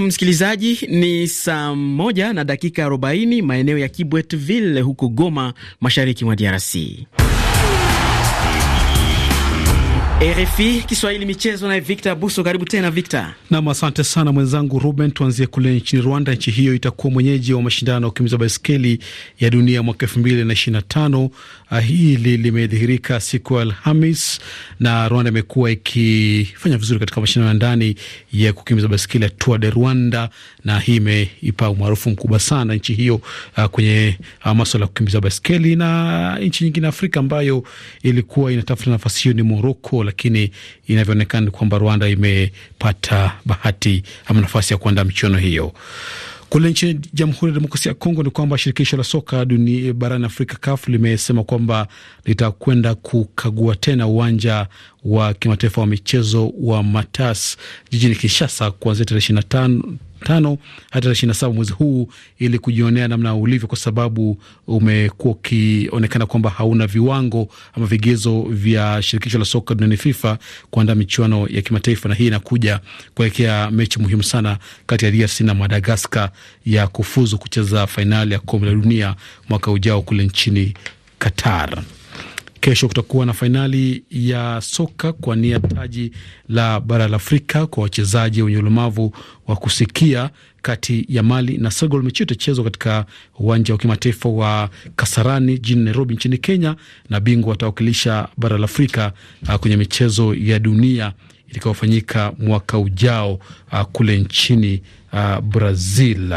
msikilizaji, ni saa moja na dakika arobaini maeneo ya Kibwetville huko Goma, mashariki mwa DRC. RFI Kiswahili michezo naye Victor Buso, karibu tena Victor. Nam, asante sana mwenzangu Ruben. Tuanzie kule nchini Rwanda. Nchi hiyo itakuwa mwenyeji wa mashindano ya ukimbizi wa baiskeli ya dunia mwaka elfu mbili na ishirini na tano Ah, hili limedhihirika siku ya Alhamis, na Rwanda imekuwa ikifanya vizuri katika mashindano ya ndani ya kukimbiza baskeli ya Tour de Rwanda, na hii imeipa umaarufu mkubwa sana nchi hiyo uh, kwenye uh, maswala ya kukimbiza baskeli. Na nchi nyingine Afrika ambayo ilikuwa inatafuta nafasi hiyo ni Moroko, lakini inavyoonekana kwamba Rwanda imepata bahati ama nafasi ya kuandaa michuano hiyo. Kule nchini Jamhuri ya Demokrasia ya Kongo ni kwamba shirikisho la soka duni eh, barani Afrika, CAF, limesema kwamba litakwenda kukagua tena uwanja wa kimataifa wa michezo wa Matas jijini Kinshasa kuanzia tarehe tano hadi tarehe ishirini na saba mwezi huu ili kujionea namna ulivyo, kwa sababu umekuwa ukionekana kwamba hauna viwango ama vigezo vya shirikisho la soka duniani FIFA kuandaa michuano ya kimataifa, na hii inakuja kuelekea mechi muhimu sana kati ya DRC na Madagaskar ya kufuzu kucheza fainali ya kombe la dunia mwaka ujao kule nchini Qatar. Kesho kutakuwa na fainali ya soka kwa nia taji la bara la Afrika kwa wachezaji wenye ulemavu wa kusikia kati ya Mali na Senegal. Mechi itachezwa katika uwanja wa kimataifa wa Kasarani jijini Nairobi nchini Kenya, na bingwa watawakilisha bara la Afrika uh, kwenye michezo ya dunia itakayofanyika mwaka ujao uh, kule nchini uh, Brazil.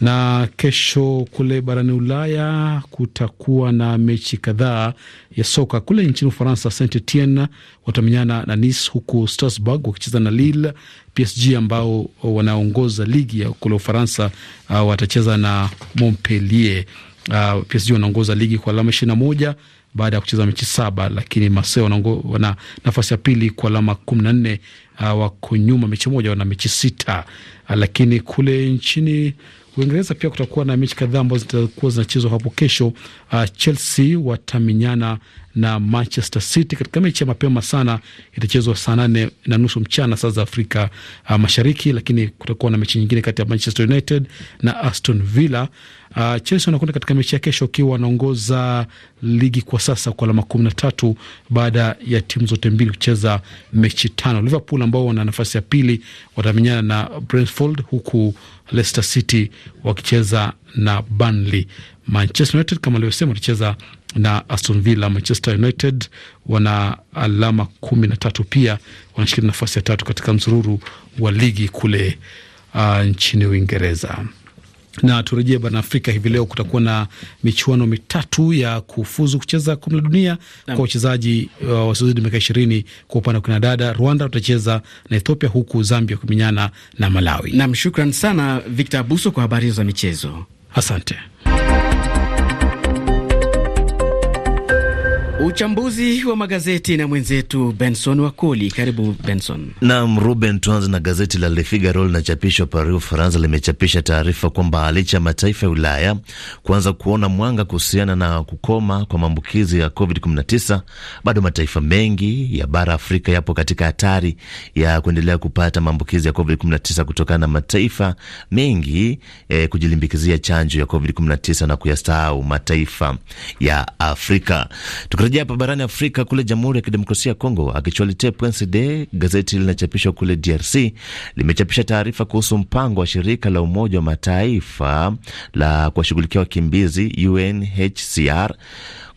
Na kesho kule barani Ulaya kutakuwa na mechi kadhaa ya soka. Kule nchini Ufaransa, Saint Etienne watamenyana na Nice, huku Strasbourg wakicheza na Lille. PSG ambao wanaongoza ligi ya kule Ufaransa uh, watacheza na Montpellier. Uh, PSG wanaongoza ligi kwa alama ishirini na moja baada ya kucheza mechi saba, lakini Marseille wana nafasi ya pili kwa alama kumi na nne. Uh, wako nyuma mechi moja, wana mechi sita. Uh, lakini kule nchini Uingereza pia kutakuwa na mechi kadhaa ambazo zitakuwa zinachezwa hapo kesho. Uh, Chelsea watamenyana na Manchester City katika mechi ya mapema sana, itachezwa saa nane na nusu mchana saa za Afrika uh, Mashariki, lakini kutakuwa na mechi nyingine kati ya Manchester United na Aston Villa. Uh, Chelsea wanakwenda katika mechi ya kesho wakiwa wanaongoza ligi kwa sasa kwa alama kumi na tatu baada ya timu zote mbili kucheza mechi tano. Liverpool ambao wana nafasi ya pili watamenyana na Brentford huku Leicester City wakicheza na Burnley. Manchester United kama alivyosema walicheza na Aston Villa. Manchester United wana alama kumi na tatu, pia wanashikilia nafasi ya tatu katika msururu wa ligi kule uh, nchini Uingereza na turejee barani Afrika hivi leo, kutakuwa na michuano mitatu ya kufuzu kucheza kombe la dunia kwa wachezaji uh, wasiozidi miaka ishirini kwa upande wa kinadada. Rwanda watacheza na Ethiopia, huku Zambia kumenyana na Malawi. Nam, shukran sana Victor Abuso kwa habari hizo za michezo, asante. Uchambuzi wa magazeti na mwenzetu Benson Wakoli. Karibu Benson. Naam Ruben, tuanze na gazeti la Le Figaro linachapishwa Paris, Ufaransa. Limechapisha taarifa kwamba licha ya mataifa ya Ulaya kuanza kuona mwanga kuhusiana na kukoma kwa maambukizi ya COVID-19, bado mataifa mengi ya bara Afrika yapo katika hatari ya kuendelea kupata maambukizi ya COVID-19 kutokana na mataifa mengi eh, kujilimbikizia chanjo ya COVID-19 na kuyasahau mataifa ya Afrika Tukari Tukirejea hapa barani Afrika, kule Jamhuri ya Kidemokrasia ya Kongo, akichualitia Prince de gazeti linachapishwa kule DRC limechapisha taarifa kuhusu mpango wa shirika la Umoja wa Mataifa la kuwashughulikia wakimbizi UNHCR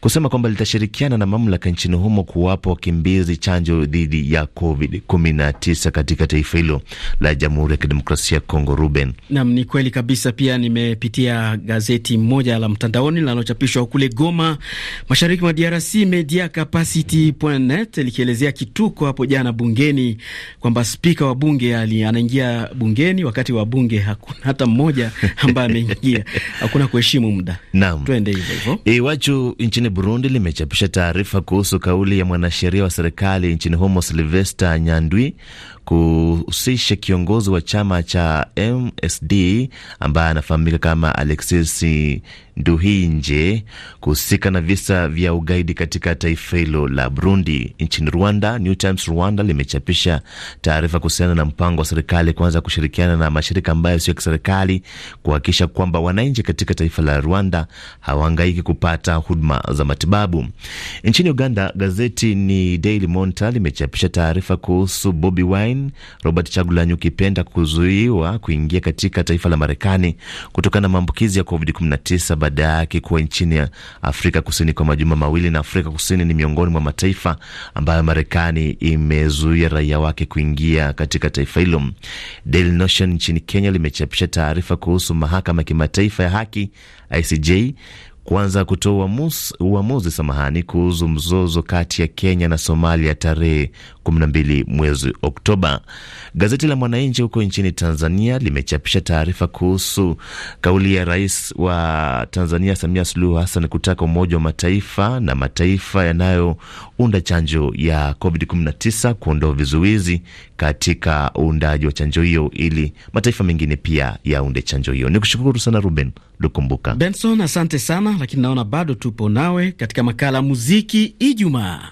kusema kwamba litashirikiana na mamlaka nchini humo kuwapa wakimbizi chanjo dhidi ya COVID-19 katika taifa hilo la Jamhuri ya Kidemokrasia ya Kongo. Ruben nam, ni kweli kabisa. Pia nimepitia gazeti moja la mtandaoni linalochapishwa kule Goma, mashariki mwa DRC, mediacapacity.net likielezea kituko hapo jana bungeni kwamba spika wa bunge anaingia bungeni wakati wa bunge hakuna hata mmoja ambaye ameingia, hakuna kuheshimu muda. Naam, twende hivyo hivyo. E, wachu nchini Burundi limechapisha taarifa kuhusu kauli ya mwanasheria wa serikali nchini humo Silvesta Nyandwi kuhusisha kiongozi wa chama cha MSD ambaye anafahamika kama Alexis Nduhinje kuhusika na visa vya ugaidi katika taifa hilo la Burundi. Nchini Rwanda, New Times Rwanda limechapisha taarifa kuhusiana na mpango wa serikali kuanza kushirikiana na mashirika ambayo sio kiserikali kuhakikisha kwamba wananchi katika taifa la Rwanda hawahangaiki kupata huduma za matibabu. Nchini Uganda, gazeti ni Daily Monitor limechapisha taarifa kuhusu Bobi Wine, Robert Chagulanyi ukipenda kuzuiwa kuingia katika taifa la Marekani kutokana na maambukizi ya COVID-19 baada yake kuwa nchini Afrika Kusini kwa majuma mawili, na Afrika Kusini ni miongoni mwa mataifa ambayo Marekani imezuia raia wake kuingia katika taifa hilo. Daily Nation nchini Kenya limechapisha taarifa kuhusu mahakama ya kimataifa ya haki ICJ kuanza kutoa uamuzi samahani kuhusu mzozo kati ya Kenya na Somalia tarehe 12 mwezi Oktoba. Gazeti la Mwananchi huko nchini Tanzania limechapisha taarifa kuhusu kauli ya rais wa Tanzania Samia Suluhu Hassan kutaka Umoja wa Mataifa na mataifa yanayounda chanjo ya COVID-19 kuondoa vizuizi katika uundaji wa chanjo hiyo ili mataifa mengine pia yaunde chanjo hiyo. Ni kushukuru sana Ruben Lukumbuka. Benson, asante sana, lakini naona bado tupo nawe katika makala ya muziki Ijumaa.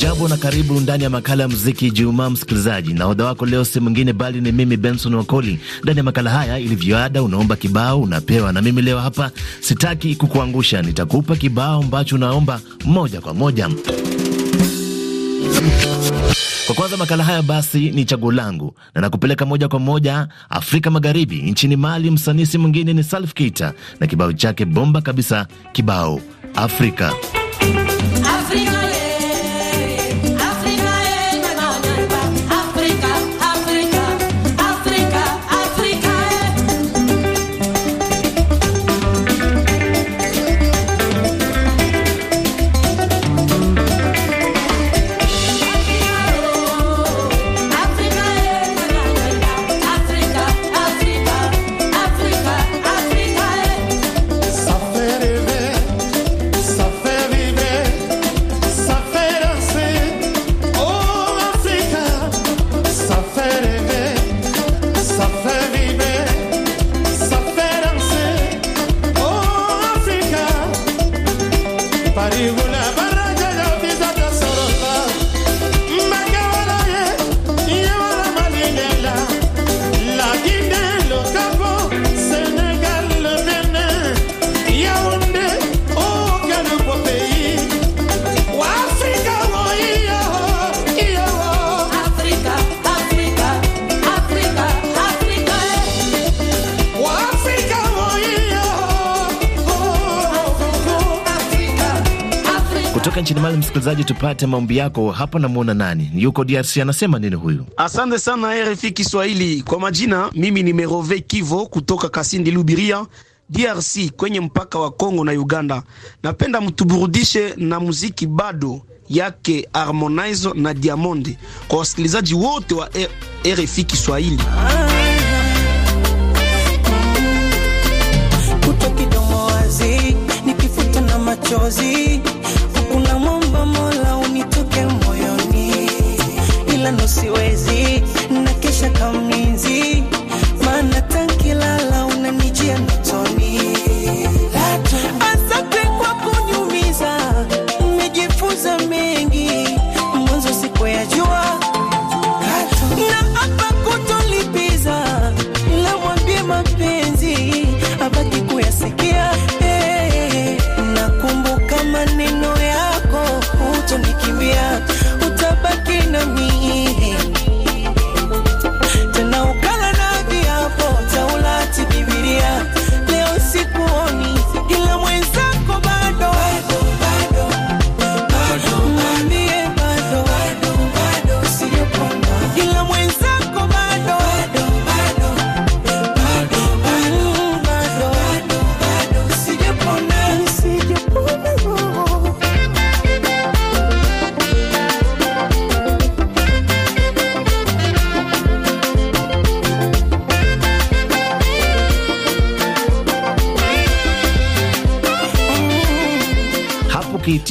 Hujambo na karibu ndani ya makala ya muziki Jumaa, msikilizaji. Nahodha wako leo si mwingine bali ni mimi Benson Wakoli. Ndani ya makala haya, ilivyoada, unaomba kibao unapewa, na mimi leo hapa sitaki kukuangusha, nitakupa kibao ambacho unaomba moja kwa moja. Kwa kwanza makala haya basi ni chaguo langu, na nakupeleka moja kwa moja Afrika Magharibi, nchini Mali. Msanii si mwingine ni Salif Keita na kibao chake bomba kabisa, kibao Afrika. kutoka nchini Mali. Msikilizaji, tupate maombi yako hapa. Namwona nani yuko DRC, anasema nini huyu? Asante sana RFI Kiswahili. Kwa majina, mimi ni Merove Kivo kutoka Kasindi Lubiria, DRC, kwenye mpaka wa Congo na Uganda. Napenda mtuburudishe na muziki bado yake Harmonize na Diamond kwa wasikilizaji wote wa e- RFI Kiswahili. Kuto kidomo wazi nikifuta ila nosiwezi na kesha kamlinzi, maana tankilala unanijia ndoto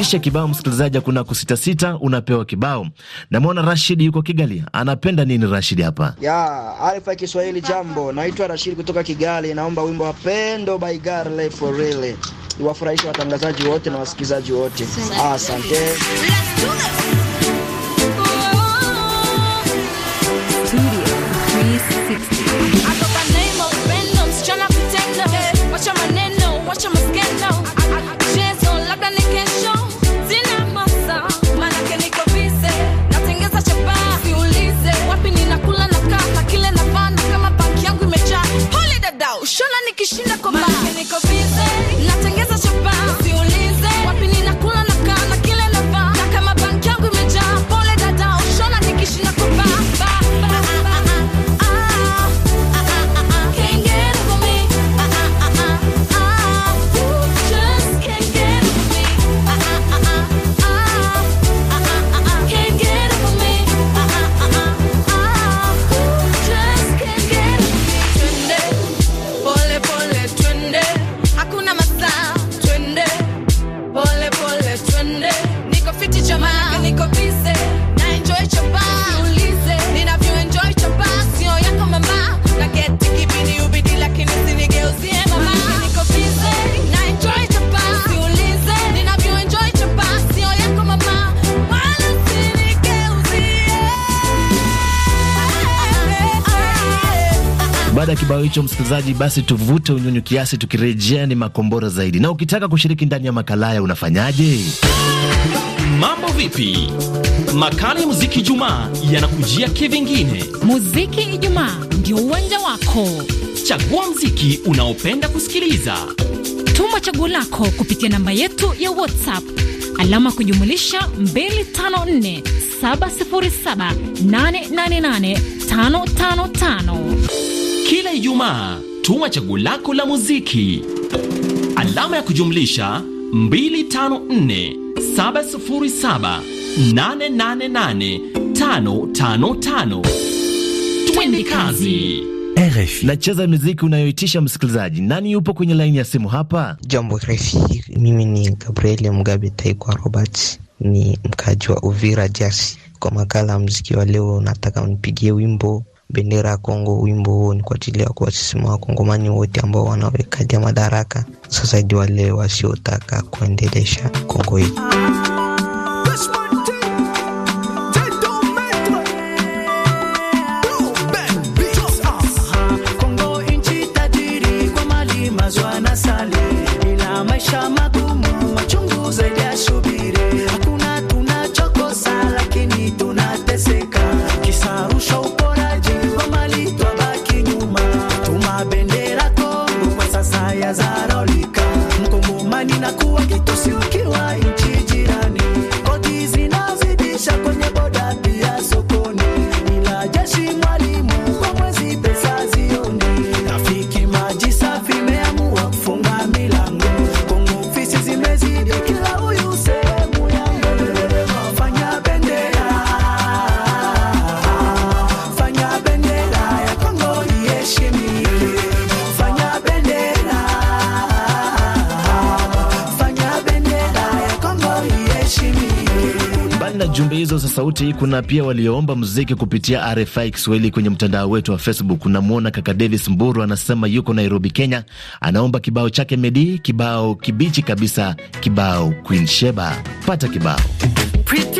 Kisha kibao msikilizaji, kuna kusitasita, unapewa kibao. Namwona Rashid yuko Kigali, anapenda nini Rashid hapa ya Arifa ya Kiswahili? Jambo, naitwa Rashid kutoka Kigali, naomba wimbo wa Pendo by Garley for real iwafurahishe watangazaji wote na wasikilizaji wote, asante. Baada ya kibao hicho, msikilizaji, basi tuvute unyunyu kiasi, tukirejea ni makombora zaidi. Na ukitaka kushiriki ndani ya makala haya unafanyaje? Mambo vipi? Makala ya muziki Ijumaa yanakujia kivingine. Muziki Ijumaa ndio uwanja wako. Chagua mziki unaopenda kusikiliza, tuma chaguo lako kupitia namba yetu ya WhatsApp alama kujumulisha 254 707 888 555. Ijumaa tuma chaguo lako la muziki alama ya kujumlisha 254 Twende kazi. RF nacheza muziki unayoitisha msikilizaji. Nani yupo kwenye laini ya simu hapa? Jambo RFI, mimi ni Gabriel Mugabe Taikwa Robert, ni mkaji wa Uvira Jasi. Kwa makala ya muziki wa leo, nataka unipigie wimbo bendera ya Kongo. Wimbo huo ni kwa ajili ya kuwasimama wakongomani wote ambao wanawekalia madaraka, sasa zaidi wale wasiotaka kuendelesha Kongo hii. sauti. Kuna pia walioomba muziki kupitia RFI Kiswahili kwenye mtandao wetu wa Facebook. Unamwona kaka Davis Mburu anasema yuko Nairobi, Kenya, anaomba kibao chake Medi, kibao kibichi kabisa, kibao Queen Sheba. Pata kibao Pretty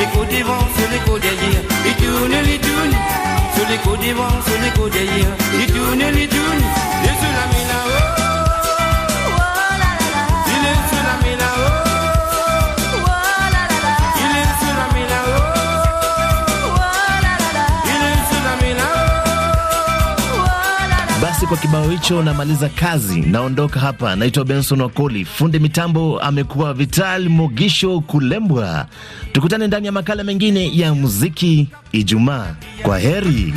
l'écho des vents, sur l'écho des liens. Les les dunes, sur l'écho des l'écho des Les les et la basi kwa kibao hicho namaliza kazi, naondoka hapa. Naitwa Benson Wakoli, fundi mitambo amekuwa Vital Mugisho Kulembwa. Tukutane ndani ya makala mengine ya muziki Ijumaa. Kwa heri.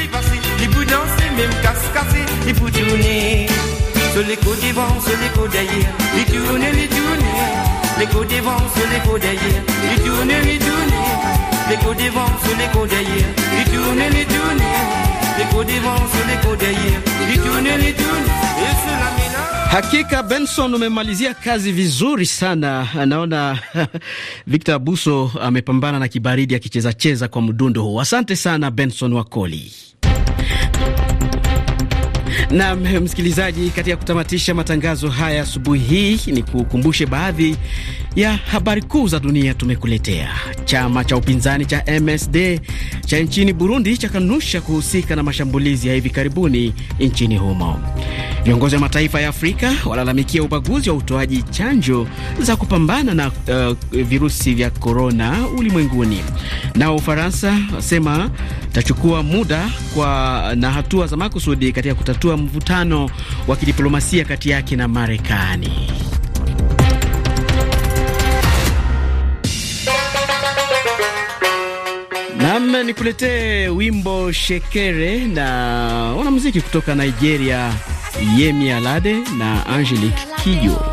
Hakika Benson, umemalizia kazi vizuri sana. anaona Victor Buso amepambana na kibaridi akichezacheza kwa mdundo huu. Asante sana Benson Wakoli. Nam eh, msikilizaji, kati ya kutamatisha matangazo haya asubuhi hii ni kukumbushe baadhi ya habari kuu za dunia tumekuletea. Chama cha upinzani cha MSD cha nchini Burundi chakanusha kuhusika na mashambulizi ya hivi karibuni nchini humo. Viongozi wa mataifa ya Afrika walalamikia ubaguzi wa utoaji chanjo za kupambana na uh, virusi vya korona ulimwenguni. Nao Ufaransa wasema itachukua muda kwa na hatua za makusudi katika kutatua mvutano wa kidiplomasia kati yake na Marekani. Nam, nikuletee wimbo Shekere na wanamuziki kutoka Nigeria, Yemi Alade na Angelique Kijo.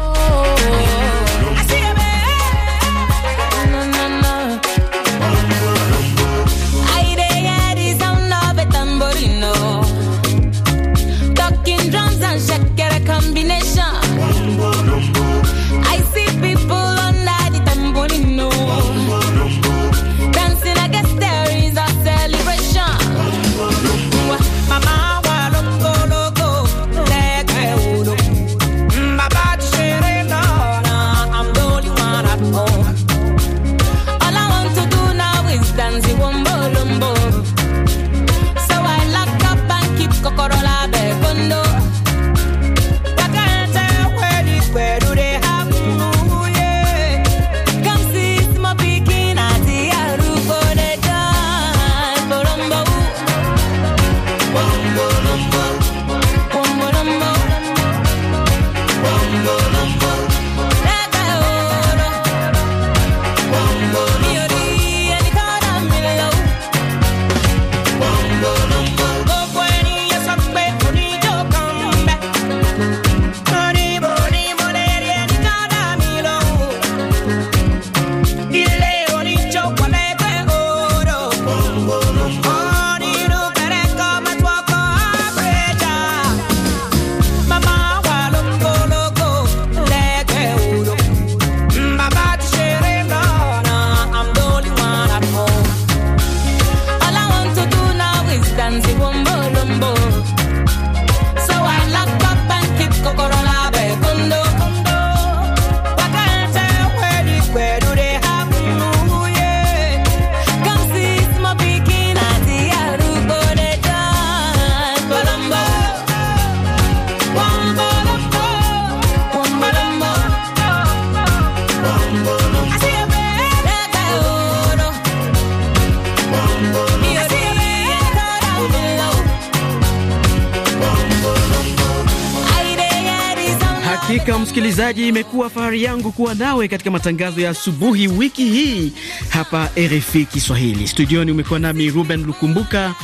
Hakika msikilizaji, imekuwa fahari yangu kuwa nawe katika matangazo ya asubuhi wiki hii hapa RFI Kiswahili. Studioni umekuwa nami Ruben Lukumbuka,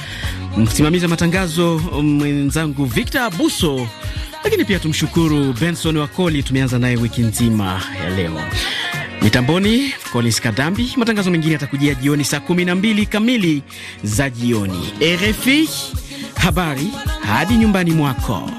msimamizi wa matangazo mwenzangu Victor Abuso, lakini pia tumshukuru Benson Wakoli, tumeanza naye wiki nzima ya leo. Mitamboni Collins Kadambi. Matangazo mengine yatakujia jioni saa 12 kamili za jioni. RFI, habari hadi nyumbani mwako.